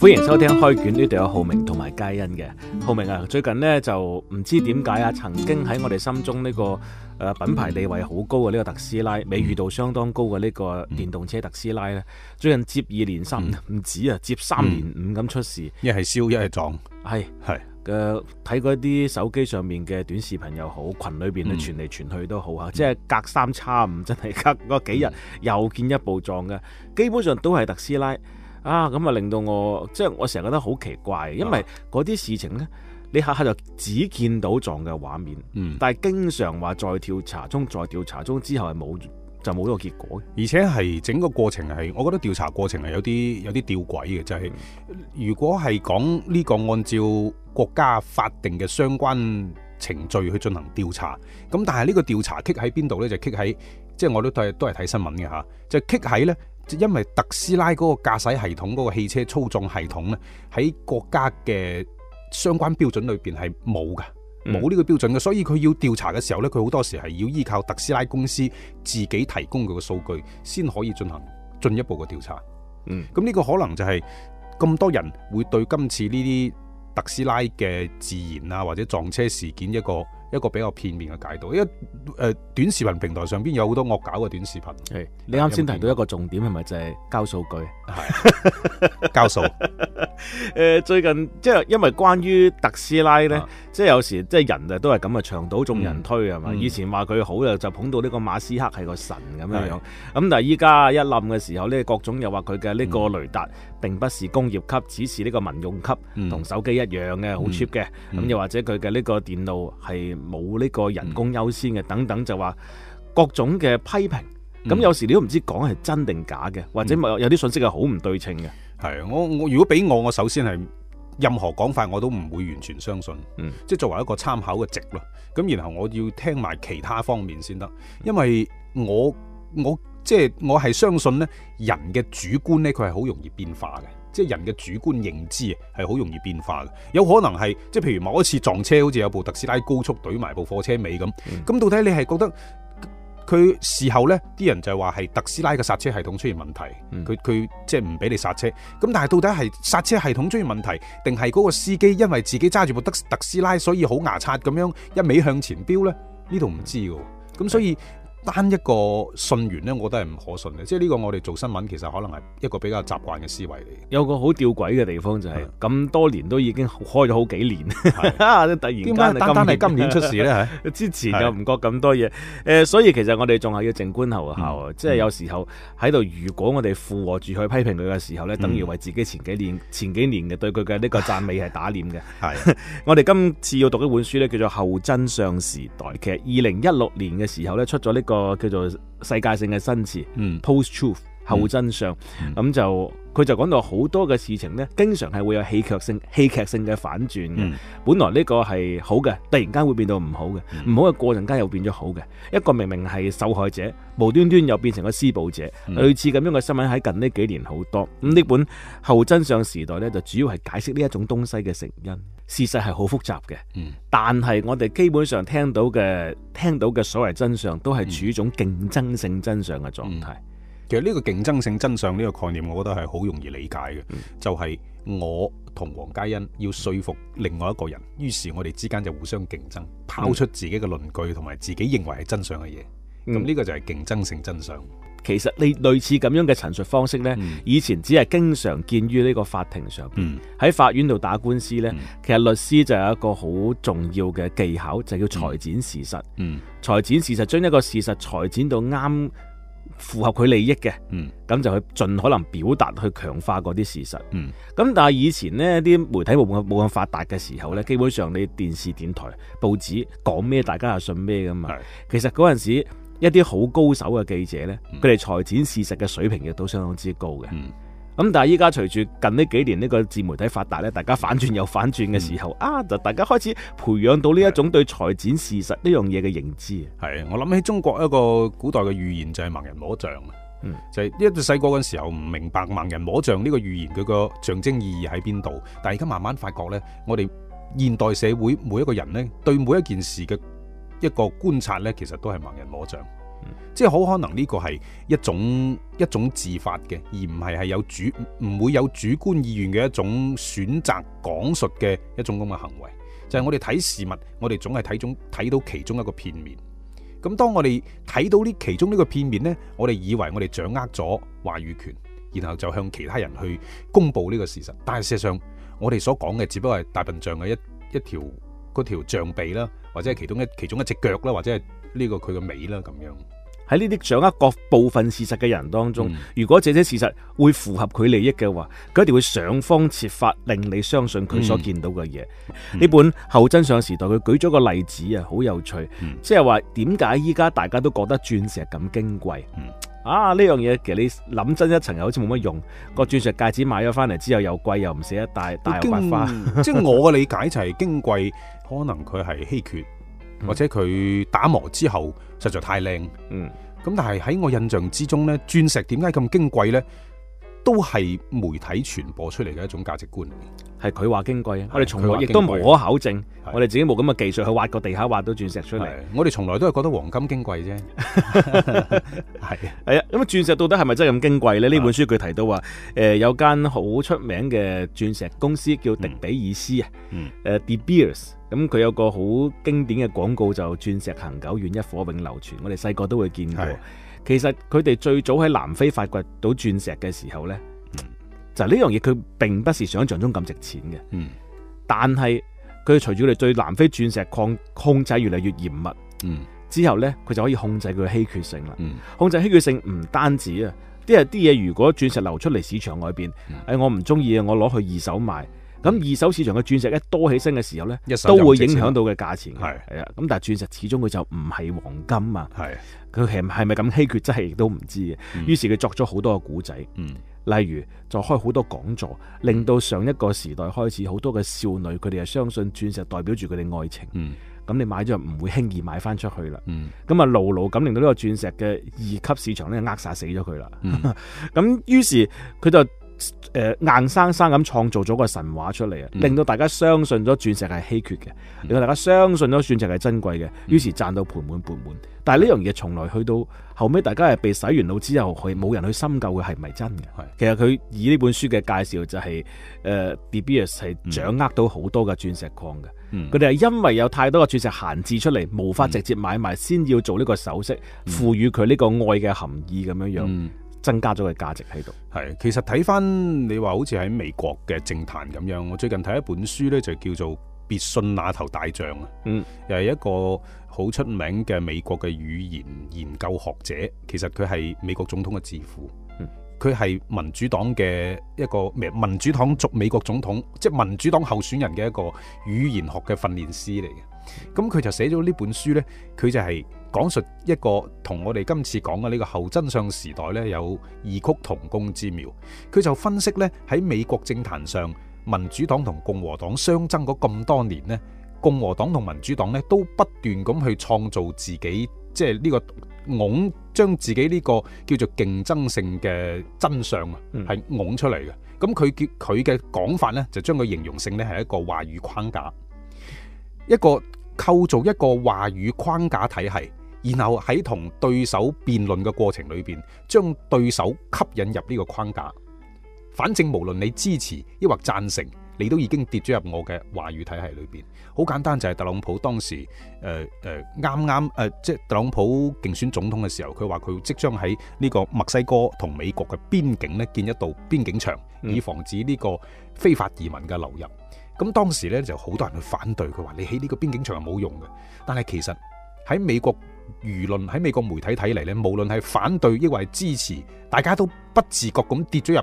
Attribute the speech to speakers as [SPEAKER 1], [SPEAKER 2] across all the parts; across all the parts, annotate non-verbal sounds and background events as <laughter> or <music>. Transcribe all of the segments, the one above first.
[SPEAKER 1] 歡迎收聽開卷，呢度有浩明同埋佳恩嘅。浩明啊，最近呢就唔知點解啊，曾經喺我哋心中呢、這個誒、呃、品牌地位好高嘅呢個特斯拉美譽度相當高嘅呢個電動車特斯拉呢。最近接二連三唔、嗯、止啊，接三連五咁出事，嗯、一係燒一係撞，係係誒睇嗰啲手機上面嘅短視頻又好，群裏邊嚟傳嚟傳去都好啊，嗯、即係隔三差五真係隔個幾日又見一部撞嘅，基本上都係特斯拉。啊，咁啊令到我即係我成日覺得好奇怪，因為嗰啲事情咧，你下下就只見到
[SPEAKER 2] 撞嘅畫面，嗯、但係經常話在調查中，在調查中之後係冇就冇咗個結果，而且係整個過程係，我覺得調查過程係有啲有啲吊詭嘅，就係、是、如果係講呢個按照國家法定嘅相關程序去進行調查，咁但係呢個調查棘喺邊度咧？就棘喺即係我都都係睇新聞嘅吓，就棘喺咧。因為特斯拉嗰個駕駛系統嗰個汽車操縱系統咧，喺國家嘅相關標準裡邊係冇噶，冇呢個標準嘅，所以佢要調查嘅時候咧，佢好多時係要依靠特斯拉公司自己提供佢個數據，先可以進行進一步嘅調查。嗯，咁呢個可能就係咁多人會對今次呢啲特斯拉嘅自燃啊或者撞車事件一個。一個比較片面嘅解讀，因為誒短視頻平台上邊有好多惡搞嘅短視頻。係，你啱先提到一個重點係咪就係交數據？係，交數。
[SPEAKER 1] 誒，最近即係因為關於特斯拉咧，即係有時即係人啊都係咁啊，長島眾人推啊嘛。以前話佢好啊就捧到呢個馬斯克係個神咁樣樣，咁但係依家一冧嘅時候咧，各種又話佢嘅呢個雷達並不是工業級，只是呢個民用級，同手機一樣嘅，好 cheap 嘅。咁又或者佢嘅呢個電腦係。冇呢個人工優先嘅等等，就話各種嘅批評，
[SPEAKER 2] 咁、嗯、有時你都唔知講係真定假嘅，或者有啲信息係好唔對稱嘅。係我我如果俾我，我首先係任何講法我都唔會完全相信，嗯，即係作為一個參考嘅值咯。咁然後我要聽埋其他方面先得，因為我我即係我係相信呢人嘅主觀呢佢係好容易變化嘅。即係人嘅主觀認知係好容易變化嘅，有可能係即係譬如某一次撞車，好似有部特斯拉高速懟埋部貨車尾咁。咁、嗯、到底你係覺得佢事後呢啲人就係話係特斯拉嘅煞車系統出現問題，佢佢即係唔俾你煞車。咁但係到底係煞車系統出現問題，定係嗰個司機因為自己揸住部德特斯拉所以好牙擦咁樣一味向前飆呢？呢度唔知嘅。咁所以。單一個信源咧，我覺得係唔可信嘅，即係呢個我哋做新聞其實可能係一個比較習慣嘅思維嚟。有個好吊詭嘅地方就係、是、咁的多年都已經開咗好幾年，的突然間單單係今， <laughs> 今年出事咧。
[SPEAKER 1] <laughs> 之前又唔覺咁多嘢，的所以其實我哋仲係要靜觀後效啊！即係、嗯、有時候喺度，如果我哋附和住去批評佢嘅時候咧，嗯、等於為自己前幾年前幾年嘅對佢嘅呢個讚美係打臉嘅。的 <laughs> 我哋今次要讀一本書咧，叫做《後真相時代》。其實二零一六年嘅時候咧，出咗呢。個叫做世界性嘅新詞，嗯 post truth 後真相咁、嗯嗯、就。佢就講到好多嘅事情呢，經常係會有戲劇性、戲劇性嘅反轉、嗯、本來呢個係好嘅，突然間會變到唔好嘅，嗯、唔好嘅過陣間又變咗好嘅。一個明明係受害者，無端端又變成個施暴者，嗯、類似咁樣嘅新聞喺近呢幾年好多。嗯嗯、咁呢本《後真相時代》呢，就主要係解釋呢一種東西嘅成因。事實係好複雜嘅，嗯、但係我哋基本上聽到嘅、聽到嘅所謂真相，都係處於一種競爭性真
[SPEAKER 2] 相嘅狀態。嗯嗯其實呢個競爭性真相呢個概念，我覺得係好容易理解嘅，就係我同黃嘉欣要說服另外一個人，於是我哋之間就互相競爭，拋出自己嘅論據同埋自己認為係真相嘅嘢。咁呢個就係競爭性真
[SPEAKER 1] 相。嗯、其實你類似咁樣嘅陳述方式呢，以前只係經常見於呢個法庭上，喺、嗯、法院度打官司呢。其實律師就有一個好重要嘅技巧，就叫裁剪事實。嗯，裁剪事實將一個事實裁剪到啱。符合佢利益嘅，咁就去盡可能表達，去強化嗰啲事實。咁但係以前呢，啲媒體冇冇咁發達嘅時候呢，基本上你電視、電台、報紙講咩，什麼大家就信咩噶嘛。其實嗰陣時候一啲好高手嘅記者呢，佢哋裁剪事實嘅水平亦都相當之高嘅。咁但係依家隨住近呢幾年呢個自媒體發達呢，大家反轉又反轉嘅時候，嗯、啊就大家開始培養到呢一種
[SPEAKER 2] 對裁剪事實呢樣嘢嘅認知，係我諗起中國一個古代嘅寓言就係盲人摸象啊。嗯、就係因為細個嗰陣時候唔明白盲人摸象呢個寓言佢個象徵意義喺邊度，但係而家慢慢發覺呢，我哋現代社會每一個人呢，對每一件事嘅一個觀察呢，其實都係盲人摸象。即係好可能呢個係一種一種自發嘅，而唔係係有主唔會有主觀意願嘅一種選擇講述嘅一種咁嘅行為。就係、是、我哋睇事物，我哋總係睇種睇到其中一個片面。咁當我哋睇到呢其中呢個片面呢，我哋以為我哋掌握咗話語權，然後就向其他人去公布呢個事實。但係事實上，我哋所講嘅只不過係大笨象嘅一一條嗰條象鼻啦，或者係其中一其中一隻腳啦，或者係。呢個佢嘅尾啦，咁樣喺呢啲掌握各
[SPEAKER 1] 部分事實嘅人當中，嗯、如果這些事實會符合佢利益嘅話，佢一定會想方設法令你相信佢所見到嘅嘢。呢、嗯嗯、本《後真相時代》，佢舉咗個例子啊，好有趣，即係話點解依家大家都覺得鑽石咁矜貴？嗯、啊，呢樣嘢其實你諗真一層又好似冇乜用，個、嗯、鑽石戒指買咗返嚟之後又
[SPEAKER 2] 貴又唔捨得戴，戴白經花。即係我嘅理解就係矜貴， <laughs> 可能佢係稀缺。或者佢打磨之後實在太靚，咁、嗯、但係喺我印象之中咧，鑽石點解咁矜貴咧？都係媒體傳播出嚟嘅一種價值觀嚟嘅，係佢話矜貴啊！的我哋從來亦都無可考證，的我哋自己冇咁嘅技術去挖
[SPEAKER 1] 個地下挖到鑽石出嚟。我哋從來都係覺得黃金矜貴啫，係啊， <laughs> 係啊。咁鑽石到底係咪真係咁矜貴咧？呢、啊、本書佢提到話，誒、呃、有間好出名嘅鑽石公司叫迪比爾斯啊，嗯，嗯、uh，De 咁佢有個好經典嘅廣告就是，鑽石恒久遠，一顆永流傳。我哋細個都會見過。的其實佢哋最早喺南非發掘到鑽石嘅時候呢，嗯、就呢樣嘢佢並不是想像中咁值錢嘅。嗯。但係佢隨住佢哋對南非鑽石礦控制越嚟越嚴密，嗯。之後呢，佢就可以控制佢嘅稀缺性啦。嗯、控制稀缺性唔單止啊，啲啲嘢如果鑽石流出嚟市場外邊，誒我唔中意啊，我攞去二手賣。咁二手市場嘅鑽石一多起身嘅時候呢，都會影響到嘅價錢。係啊的，咁但係鑽石始終佢就唔係黃金啊。係佢其實係咪咁稀缺，真係亦都唔知嘅。嗯、於是佢作咗好多嘅古仔，嗯，例如就開好多講座，令到上一個時代開始好多嘅少女，佢哋又相信鑽石代表住佢哋愛情。咁、嗯、你買咗唔會輕易買翻出去啦。咁啊、嗯，牢牢咁令到呢個鑽石嘅二級市場咧扼殺死咗佢啦。咁、嗯、 <laughs> 於是佢就。誒、呃，硬生生咁創造咗個神話出嚟啊，嗯、令到大家相信咗鑽石係稀缺嘅，嗯、令到大家相信咗鑽石係珍貴嘅，於、嗯、是賺到盆滿鉢滿。但係呢樣嘢從來去到後尾，大家係被洗完腦之後，係冇、嗯、人去深究佢係唔係真嘅。是其實佢以呢本書嘅介紹就係、是，誒，De Beers 係掌握到好多嘅鑽石礦嘅，佢哋係因為有太多嘅鑽石閒置出嚟，無法直接買賣，嗯、先要做呢個首飾，賦、嗯、予佢呢個愛嘅含
[SPEAKER 2] 義咁樣樣。嗯增加咗嘅價值喺度，係其實睇翻你話好似喺美國嘅政壇咁樣，我最近睇一本書呢，就叫做《別信那頭大象》。啊，嗯，又係一個好出名嘅美國嘅語言研究學者，其實佢係美國總統嘅智庫，佢係、嗯、民主黨嘅一個民主黨族，美國總統，即、就、係、是、民主黨候選人嘅一個語言學嘅訓練師嚟嘅，咁佢就寫咗呢本書呢，佢就係、是。講述一個同我哋今次講嘅呢個後真相時代呢，有異曲同工之妙。佢就分析呢，喺美國政壇上，民主黨同共和黨相爭咗咁多年呢，共和黨同民主黨呢都不斷咁去創造自己，即係呢、這個拱將自己呢、這個叫做競爭性嘅真相啊，係拱、嗯、出嚟嘅。咁佢叫佢嘅講法呢，就將佢形容性呢係一個話語框架，一個構造一個話語框架體系。然後喺同對手辯論嘅過程裏邊，將對手吸引入呢個框架。反正無論你支持抑或贊成，你都已經跌咗入我嘅話語體系裏邊。好簡單，就係特朗普當時誒誒啱啱誒，即係特朗普競選總統嘅時候，佢話佢即將喺呢個墨西哥同美國嘅邊境咧建一道邊境牆，以防止呢個非法移民嘅流入。咁、嗯、當時呢，就好多人去反對，佢話你起呢個邊境牆係冇用嘅。但係其實。喺美國輿論，喺美國媒體睇嚟咧，無論係反對抑或係支持，大家都不自覺咁跌咗入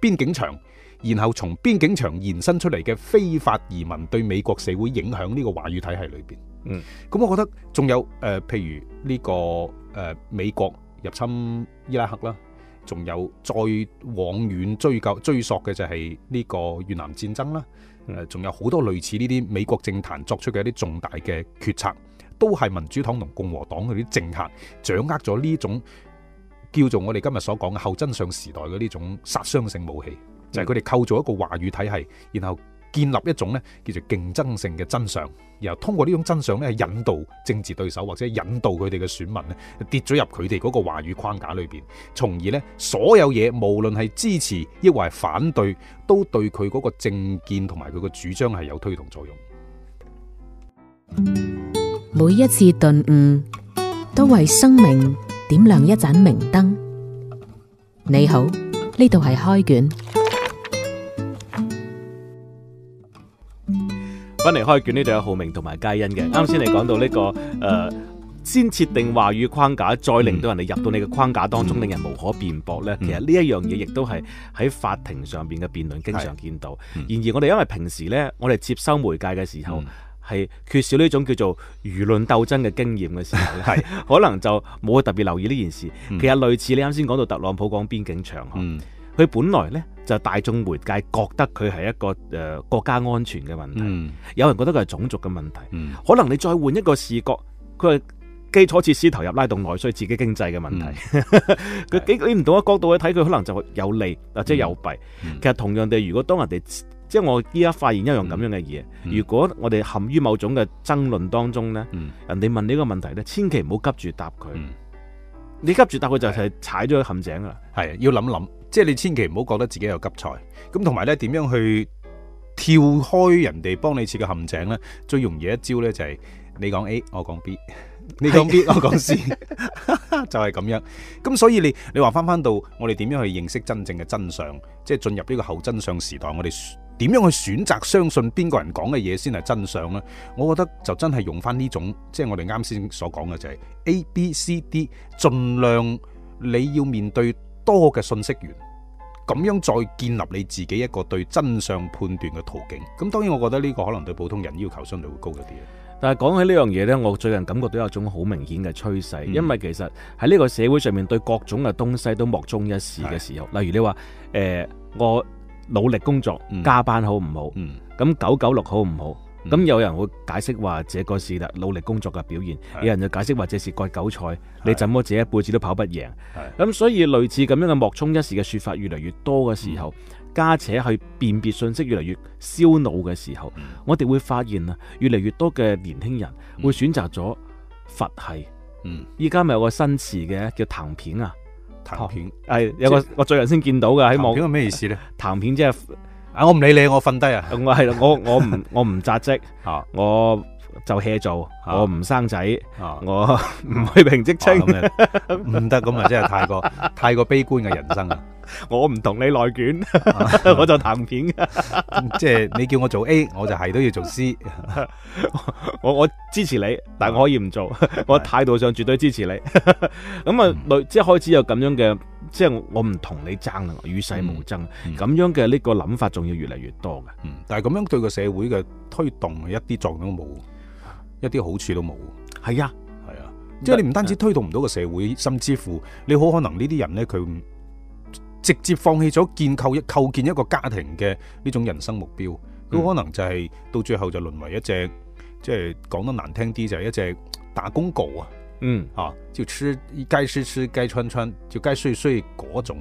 [SPEAKER 2] 邊境牆，然後從邊境牆延伸出嚟嘅非法移民對美國社會影響呢個話語體系裏邊。嗯，咁我覺得仲有誒、呃，譬如呢、這個誒、呃、美國入侵伊拉克啦，仲有再往遠追究追索嘅就係呢個越南戰爭啦。誒、呃，仲有好多類似呢啲美國政壇作出嘅一啲重大嘅決策。都係民主黨同共和黨嗰啲政客掌握咗呢種叫做我哋今日所講嘅後真相時代嘅呢種殺傷性武器，就係佢哋構造一個話語體系，然後建立一種咧叫做競爭性嘅真相，然後通過呢種真相嚟引導政治對手或者引導佢哋嘅選民咧跌咗入佢哋嗰個話語框架裏邊，從而咧所有嘢無論係支持亦或係反對，都對佢嗰個政見同埋佢嘅主張係有推動作用。
[SPEAKER 1] 每一次頓悟，都為生命點亮一盞明燈。你好，呢度係開卷。翻嚟開卷，呢度有浩明同埋佳欣嘅。啱先你講到呢、這個，誒、呃，先設定話語框架，再令到人哋入到你嘅框架當中，嗯、令人無可辯駁咧。嗯、其實呢一樣嘢亦都係喺法庭上邊嘅辯論經常見到。嗯、然而我哋因為平時咧，我哋接收媒介嘅時候。嗯係缺少呢種叫做輿論鬥爭嘅經驗嘅時候，係 <laughs> 可能就冇特別留意呢件事。嗯、其實類似你啱先講到特朗普講邊境牆，佢、嗯、本來呢就大眾媒介覺得佢係一個誒、呃、國家安全嘅問題，嗯、有人覺得佢係種族嘅問題。嗯、可能你再換一個視角，佢係基礎設施投入拉動內需、自己經濟嘅問題。佢、嗯、 <laughs> 幾個唔同嘅角度去睇，佢可能就有利，或者有弊。嗯、其實同樣地，如果當人哋。因為我依家發現一樣咁樣嘅嘢，如果我哋陷於某種嘅爭論當中呢、嗯、人哋問你個問題呢，千祈唔好急住答佢。嗯、你急住答佢就係
[SPEAKER 2] 踩咗陷阱啦，係要諗諗。即係你千祈唔好覺得自己有急才咁，同埋呢點樣去跳開人哋幫你設嘅陷阱呢？最容易一招呢、就係，就係你講 A，我講 B，你講 B，我講 C，就係咁樣。咁所以你你話翻翻到我哋點樣去認識真正嘅真相，即係進入呢個後真相時代，我哋。點樣去選擇相信邊個人講嘅嘢先係真相呢？我覺得就真係用翻呢種，即係我哋啱先所講嘅，就係 A、B、C、D，盡量你要面對多嘅信息源，咁樣再建立你自己一個對真相判斷嘅途徑。咁當然，我覺得呢個可能對普通人要求相對會高一啲。但係講起呢
[SPEAKER 1] 樣嘢呢，我最近感覺到有一種好明顯嘅趨勢，因為其實喺呢個社會上面對各種嘅東西都莫衷一是嘅時候，的例如你話誒、呃、我。努力工作，嗯、加班好唔好？咁九九六好唔好？咁、嗯、有人會解釋話這個是啦努力工作嘅表現，嗯、有人就解釋話這是割韭菜，嗯、你怎麼自己一輩子都跑不贏？咁、嗯、所以類似咁樣嘅莫衷一是嘅說法越嚟越多嘅時候，嗯、加且去辨別信息越嚟越燒腦嘅時候，嗯、我哋會發現啊，越嚟越多嘅年輕人會選擇咗佛系。依家咪有個新詞嘅叫躺平啊？談片係、啊、有個是我最近先見到嘅喺網，點解咩意思咧？談片即、就、係、是、啊，我唔理你，我瞓低 <laughs> <laughs> 啊，我係啦，我我唔我唔扎職，我就 hea 做，我唔生仔，啊、我唔去評職稱，唔得咁啊，真、啊、係、啊啊啊、 <laughs> 太過
[SPEAKER 2] 太過悲觀嘅人生 <laughs> 我唔同你內捲， <laughs> <laughs> 我就躺平。 <laughs> 即係你叫我做 A， <laughs> 我就係都要做 C。 <laughs> 我我支持
[SPEAKER 1] 你，但係我可以唔做。我態度上絕對支持你。咁啊，即係開始有咁
[SPEAKER 2] 樣嘅，嗯、即係我唔同你爭啦，與世無爭。咁、嗯、樣嘅呢個諗法，仲要越嚟越多嘅、嗯。但係咁樣對個社會嘅推動，一啲作用都冇，一啲好處都冇。係啊，係啊，即係你唔單止推動唔到個社會，啊、甚至乎你好可能呢啲人呢。佢。直接放棄咗建構亦構建一個家庭嘅呢種人生目標，佢、嗯、可能就係、是、到最後就淪為一隻即係、就是、講得難聽啲，就是、一隻打工狗、嗯。啊。嗯，嚇就吃該吃吃，該穿穿，就該睡睡嗰種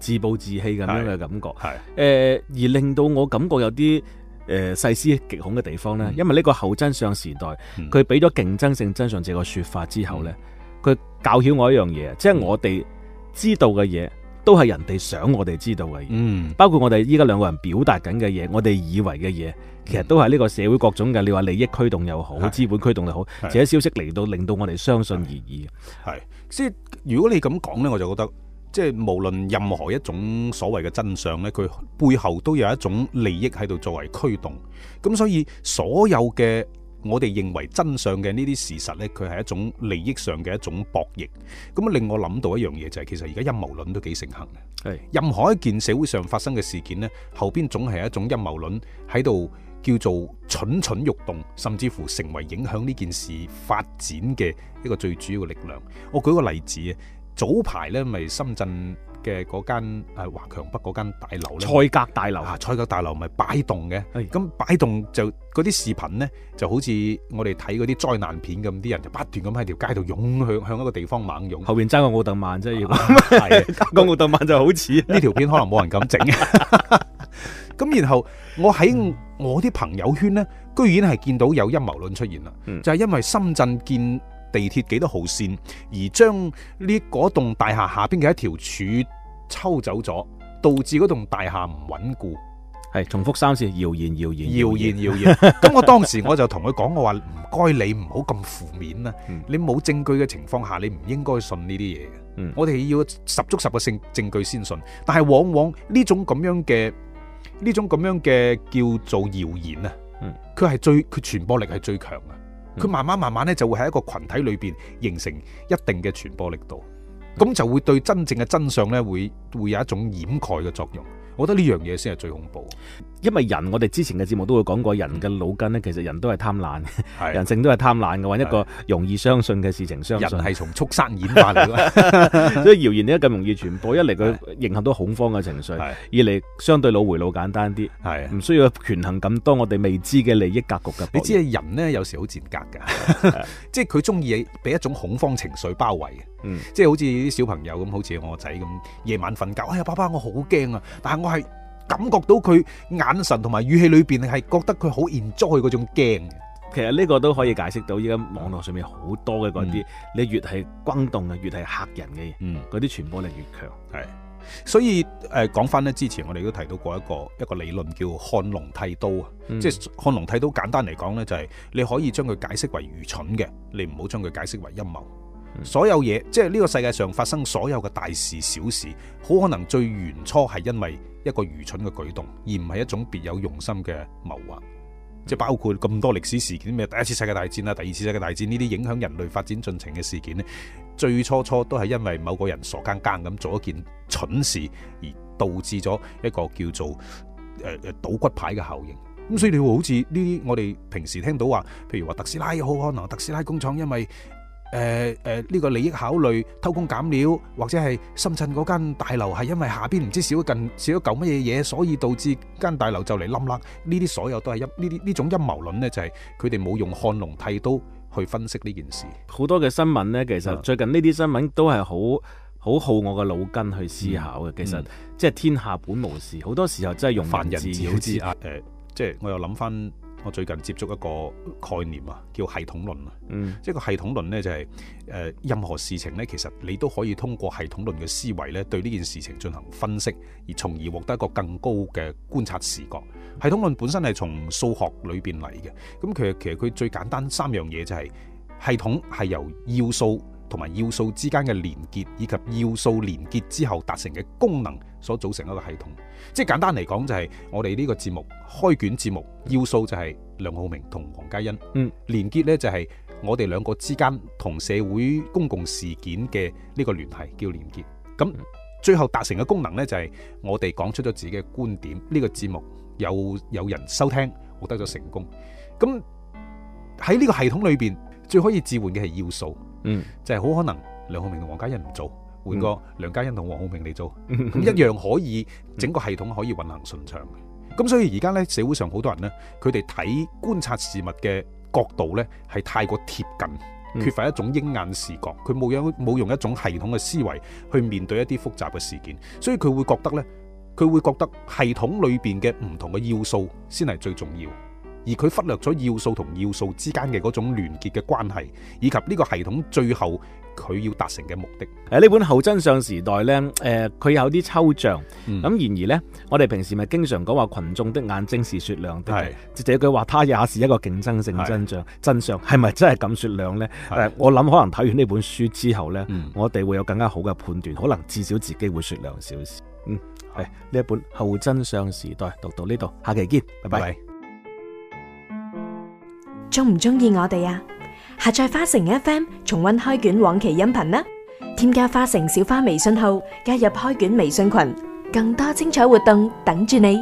[SPEAKER 2] 自暴自棄嘅咁樣嘅感覺係
[SPEAKER 1] 誒、呃。而令到我感覺有啲誒、呃、細思極恐嘅地方咧，嗯、因為呢個後真相時代佢俾咗競爭性真相這個説法之後咧，佢、嗯、教曉我一樣嘢，嗯、即係我哋知道嘅嘢。都係人哋想我哋知道嘅，嗯，包括我哋依家兩個人表達緊嘅嘢，我哋以為嘅嘢，其實都係呢個社會各種嘅，你話利益驅動又好，資本驅動又
[SPEAKER 2] 好，這些消息嚟到令到我哋相信而已，係。即係如果你咁講呢，我就覺得，即係無論任何一種所謂嘅真相呢，佢背後都有一種利益喺度作為驅動，咁所以所有嘅。我哋認為真相嘅呢啲事實，呢佢係一種利益上嘅一種博弈，咁啊令我諗到一樣嘢就係、是、其實而家陰謀論都幾盛行嘅。是任何一件社會上發生嘅事件，呢後邊總係一種陰謀論喺度叫做蠢蠢欲動，甚至乎成為影響呢件事發展嘅一個最主要嘅力量。我舉個例子啊，早排呢咪深圳嘅嗰間華、誒、華強北嗰間大樓咧，賽格大樓啊，賽格大樓咪擺動嘅，咁的擺動就嗰啲視頻咧，就好似我哋睇嗰啲災難片咁，啲人就不斷咁喺條街度湧向向一個地方猛湧，後邊爭個奧特曼啫，要爭個奧特曼就好似呢條片可能冇人咁整。咁 <laughs> <laughs> 然後我喺我啲朋友圈咧，居然係見到有陰謀論出現啦，嗯、就係因為深圳建。地鐵幾多號線？而將呢果棟大廈下邊嘅一條柱抽走咗，導致嗰棟大廈唔穩固。係重複三次，謠言，謠言，謠言，謠言。咁 <laughs> 我當時我就同佢講，我話唔該你唔好咁負面啦。嗯、你冇證據嘅情況下，你唔應該信呢啲嘢。嗯，我哋要十足十個證證據先信。但係往往呢種咁樣嘅呢種咁樣嘅叫做謠言啊。佢係最佢傳播力係最強啊。佢慢慢慢慢咧，就會喺一個群體裏邊形成一定嘅傳播力度，噉就會對真正嘅真相咧，會會有一種掩蓋嘅作用。我覺得呢樣嘢先係最恐怖，
[SPEAKER 1] 因為人我哋之前嘅節目都會講過，人嘅腦筋咧，其實人都係貪婪，人性都係貪婪嘅。話一個容易相信嘅事情，相信人係從畜生演化嚟嘅， <laughs> 所以謠言點解咁容易傳播？一嚟佢迎合到恐慌嘅情緒，二嚟是的 相對腦回路簡單啲，係
[SPEAKER 2] 唔需要權衡咁多我哋未知嘅利益格局嘅。你知啊，人呢，有時好賤格嘅， <laughs> 即係佢中意俾一種恐慌情緒包圍。嗯、即係好似啲小朋友咁，好似我仔咁，夜晚瞓覺，哎呀，爸爸我好驚啊！但係我係感覺到佢眼神同埋語氣裏邊係覺得佢好 enjoy 嗰種驚。其實呢個都可以解釋到，依家網絡上面好多嘅嗰啲，你越係轟動嘅，越係嚇人嘅嘢，嗰啲傳播力越強，係。所以誒，講翻呢之前我哋都提到過一個一個理論叫漢龍剃刀啊，即係漢龍剃刀，嗯、漢龍剃刀簡單嚟講呢，就係你可以將佢解釋為愚蠢嘅，你唔好將佢解釋為陰謀。所有嘢，即係呢個世界上發生所有嘅大事小事，好可能最原初係因為一個愚蠢嘅舉動，而唔係一種別有用心嘅謀劃。即包括咁多歷史事件，咩第一次世界大戰啦、第二次世界大戰呢啲影響人類發展進程嘅事件呢，最初初都係因為某個人傻更更咁做一件蠢事，而導致咗一個叫做誒誒、呃、倒骨牌嘅效應。咁所以你會好似呢啲我哋平時聽到話，譬如話特斯拉又好可能特斯拉工廠因為。誒誒，呢、呃呃這個利益考慮偷工減料，或者係深圳嗰間大樓係因為下邊唔知少咗近少咗嚿乜嘢嘢，所以導致間大樓就嚟冧甩。呢啲所有都係一呢啲呢種陰謀論咧，就係佢哋冇用漢龍剃刀去分析呢件事。好多嘅新聞呢，其實最近呢啲新聞都係好好耗我嘅腦筋去思考嘅。嗯、其實即係天下本無事，好、嗯、多時候真係用人凡人自好自誒，即係我又諗翻。我最近接觸一個概念啊，叫系統論啊。嗯，即係個系統論咧、就是，就係誒任何事情咧，其實你都可以通過系統論嘅思維咧，對呢件事情進行分析，而從而獲得一個更高嘅觀察視覺。系統論本身係從數學裏邊嚟嘅，咁其實其實佢最簡單三樣嘢就係、是、系統係由要素，同埋要素之間嘅連結，以及要素連結之後達成嘅功能，所組成一個系統。即係簡單嚟講，就係我哋呢個節目開卷節目，要素就係梁浩明同黃嘉欣，嗯，連結呢就係我哋兩個之間同社會公共事件嘅呢個聯繫叫連結。咁最後達成嘅功能呢，就係我哋講出咗自己嘅觀點，呢個節目有有人收聽，獲得咗成功。咁喺呢個系統裏邊，最可以置換嘅係要素。嗯，就係好可能梁浩明同黃家欣唔做，換個梁家欣同黃浩明嚟做，咁一樣可以整個系統可以運行順暢。咁所以而家呢，社會上好多人呢，佢哋睇觀察事物嘅角度呢係太過貼近，缺乏一種鷹眼視覺，佢冇樣冇用一種系統嘅思維去面對一啲複雜嘅事件，所以佢會覺得呢，佢會覺得系統裏邊嘅唔同嘅要素先係最重要的。而佢忽略咗要素同要素之間嘅嗰種聯結嘅關係，以及呢個系統最後佢要達成嘅目的。誒，呢本《後真相時
[SPEAKER 1] 代》呢，誒、呃，佢有啲抽象。咁、嗯，然而呢，我哋平時咪經常講話群眾的眼睛是雪亮的。係是，這句話，它也是一個競爭性是真相。是不是真相係咪真係咁雪亮呢？誒是、呃，我諗可能睇完呢本書之後呢，嗯、我哋會有更加好嘅判斷。可能至少自己會雪亮少少。嗯，係呢一本《後真相時代》讀到呢度，嗯、下期見，拜拜。拜拜
[SPEAKER 2] 鍾唔鍾意我哋呀？下載花城 FM 重溫開卷往期音頻啦！添加花城小花微信號，加入開卷微信群，更多精彩活動等住你。